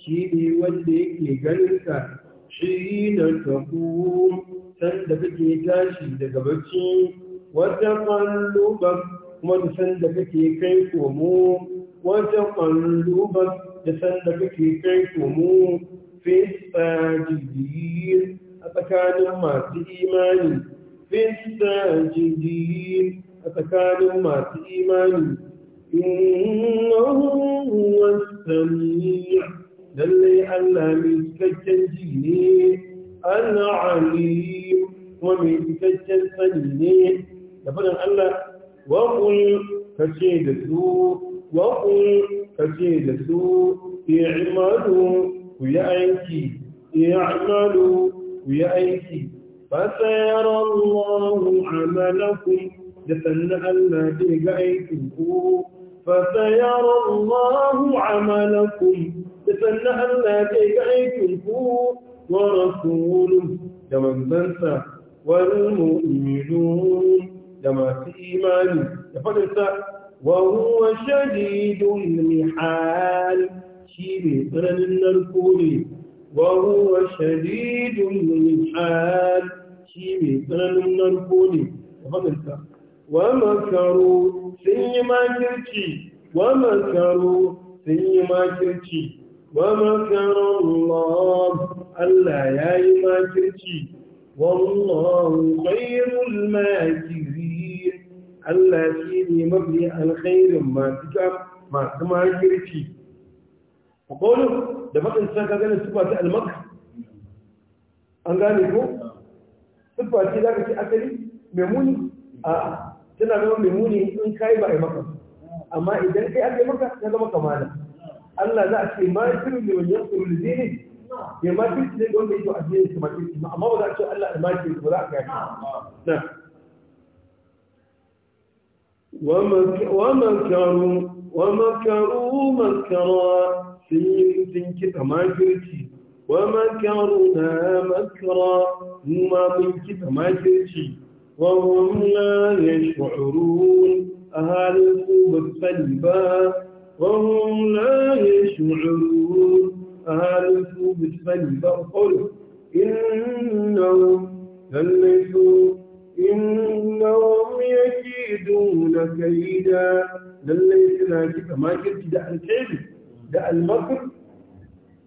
shi ne wanda yake ganin ka shi da tabu sanda kake tashi daga bacci wata kallon wani sanda kake kai komo wata ƙwalluban da sanda kake kai komo fistajidir a tsakanin masu imani fistajidir a tsakanin masu imani innahu wasami lallai Allah mai cikakken ji ne Allah alim wa mai cikakken sani ne da faɗin Allah وقل كشيد السوء وقل كشيد السوء اعملوا ويا أيكي اعملوا ويا أيكي فسيرى الله عملكم جسنا الذي أيكم فسيرى الله عملكم جسنا الذي أيكم ورسوله لمن بنسى والمؤمنون لما في إيماني لفضلت وهو شديد المحال شيري قرن النركولي وهو شديد المحال شيري قرن النركولي لفضلت ومكروا سني ما كرتي ومكروا سني ما كرتي ومكر الله ألا يا ما كرتي والله خير الماكرين Allah shi ne mafi alkhairin masu ta masu makirci a ƙaunin da matan sa ka gane sufa ta almak an gane ko sufa ce za ka ce asali mai muni a tana zama mai muni in kayi ba a yi maka amma idan kai aka yi maka ya zama kamala Allah za a ce ma shirin ne wani yankin ne. ya ma kirki ne wanda ko a jini su makirci amma ba za a ce Allah almakirci ba za a kai na ومكروا ومكروا مكرا sun kiɗa makirci wa makaru na makara kuma mun kiɗa makirci wa hunna ya shu'urun a halin su ba sani ba wa hunna ya shu'urun a halin su ba sani ba ƙwaru inna lallai su إنهم يكيدون كيدا لليس سنا كيف ما كنت دع الكيد دع المكر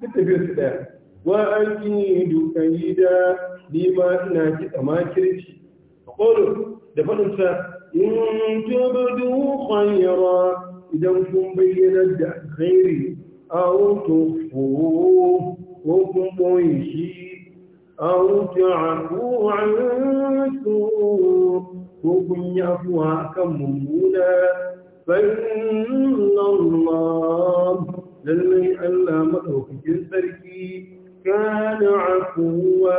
بتبير سدا وأكيد كيدا لما سنا ما كنت قولوا دفن إن تبدو خيرا إذا كن بينا خيري أو تخفوه وكن بويشيه أو تعفو عن سوء كن يعفو عن ممولا فإن الله للي ألا مدعوك جنسركي كان عفوا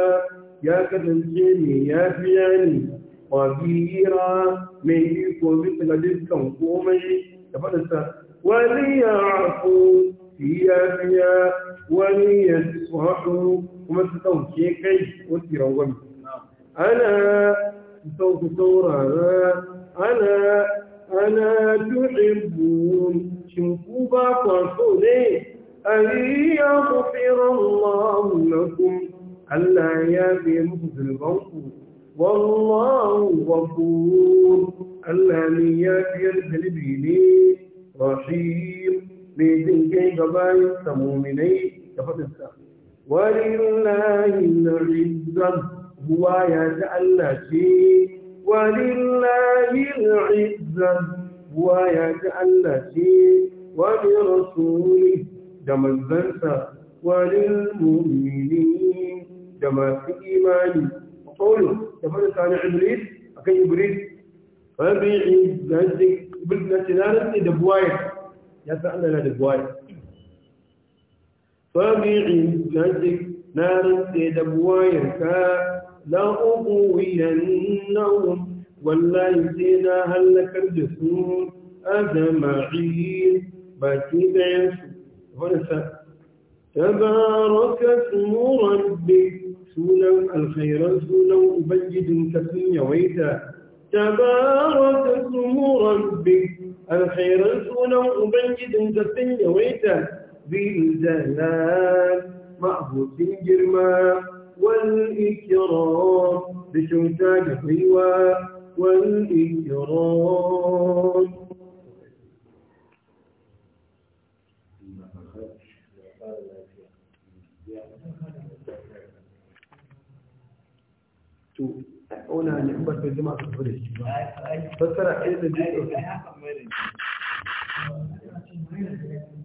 يا كتنجيني يا فياني قديرا من يكون مثل ذلك قومي تفضل وليعفو يا فيا وليصحوا kuma su ɗauke kai wasu rangwami ana sauku saurara ana ana tuhibbun shin ku ba kwaso ne أَلِيَا غُفِرَ اللَّهُ لَكُمْ أَلَّا يَبِيمُكُ ذُنُوبَكُمْ وَاللَّهُ غَفُورٌ أَلَّا يَبِيمُ ذُنُوبِنِي رَحِيمٌ بِذِنْكَ غَبَايَ الْمُؤْمِنِينَ تَفَضَّلْ Waɗannan layi na riga waya ta Allah she. Waɗannan layi na riga waya ta Allah she. Wani na wasu wuri da mazan sa. Waɗannan munene da masu imani. Kuma Kwauna, da farin sami abrid a kan abrid, ban biyu da buwayen, ya san da na فبعزتك نارا تدبوايك لا أقوينهم ولا سينا هلك الجسوم أجمعين باكيد يسوع ونسى تبارك اسم ربك سونا الخير سونا أبجد كسن يويتا تبارك اسم ربك الخير سونا أبجد كسن يويتا بالجلال معه الجرمى والإكرام بشمتا نحيوى والإكرام هنا نحب في الجماعة الفريش فترى حيث